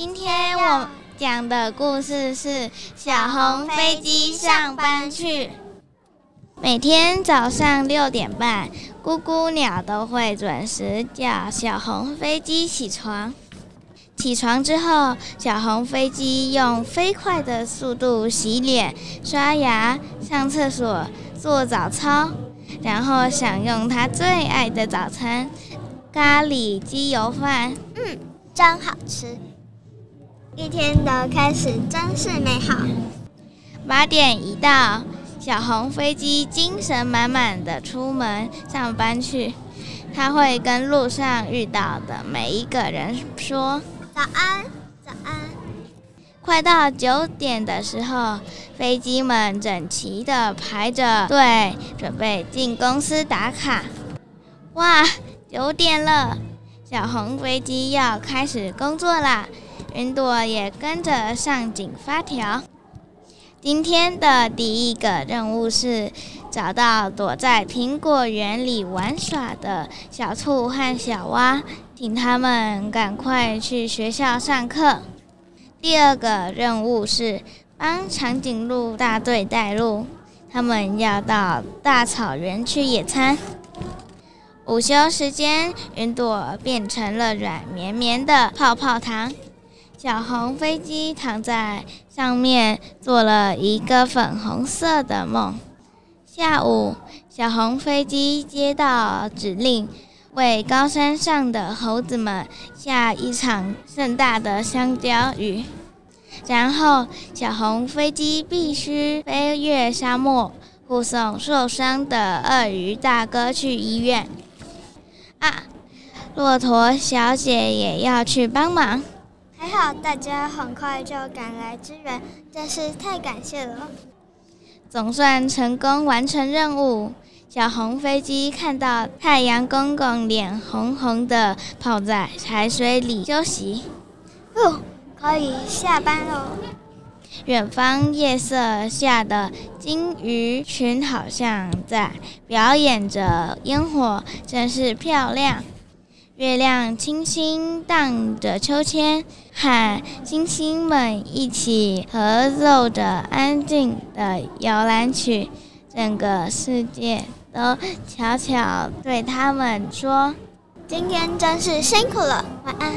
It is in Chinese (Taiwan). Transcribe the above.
今天我講的故事是《小紅飛機上班去》。每天早上六點半，咕咕鳥都會準時叫小紅飛機起床。起床之後，小紅飛機用飛快的速度洗臉、刷牙、上廁所、做早操，然後享用它最愛的早餐——咖喱雞油飯。嗯，真好吃。一天的開始真是美好。八點一到，小紅飛機精神滿滿的出門上班去。他會跟路上遇到的每一個人說：“早安，早安。”快到九點的時候，飛機們整齊的排着隊，準備進公司打卡。哇，九點了，小紅飛機要開始工作啦！雲朵也跟着上緊發條。今天的第一個任務是找到躲在蘋果園裡玩耍的小兔和小蛙，請他們趕快去學校上課。第二個任務是幫長頸鹿大隊帶路，他們要到大草原去野餐。午休時間，雲朵變成了軟綿綿的泡泡糖。小紅飛機躺在上面，做了一個粉紅色的夢。下午，小紅飛機接到指令，為高山上的猴子們下一場盛大的香蕉雨。然後，小紅飛機必須飛越沙漠，護送受傷的鱷魚大哥去醫院。啊，駱駝小姐也要去幫忙。大家好，大家很快就趕來支援，真是太感謝了！總算成功完成任務。小紅飛機看到太陽公公臉紅紅的，泡在海水裡休息。喲，可以下班嘍！遠方夜色下的金魚群好像在表演着烟火，真是漂亮。月亮輕輕盪着秋千，喊星星們一起合奏着安靜的搖籃曲。整個世界都悄悄對他們說：“今天真是辛苦了，晚安。”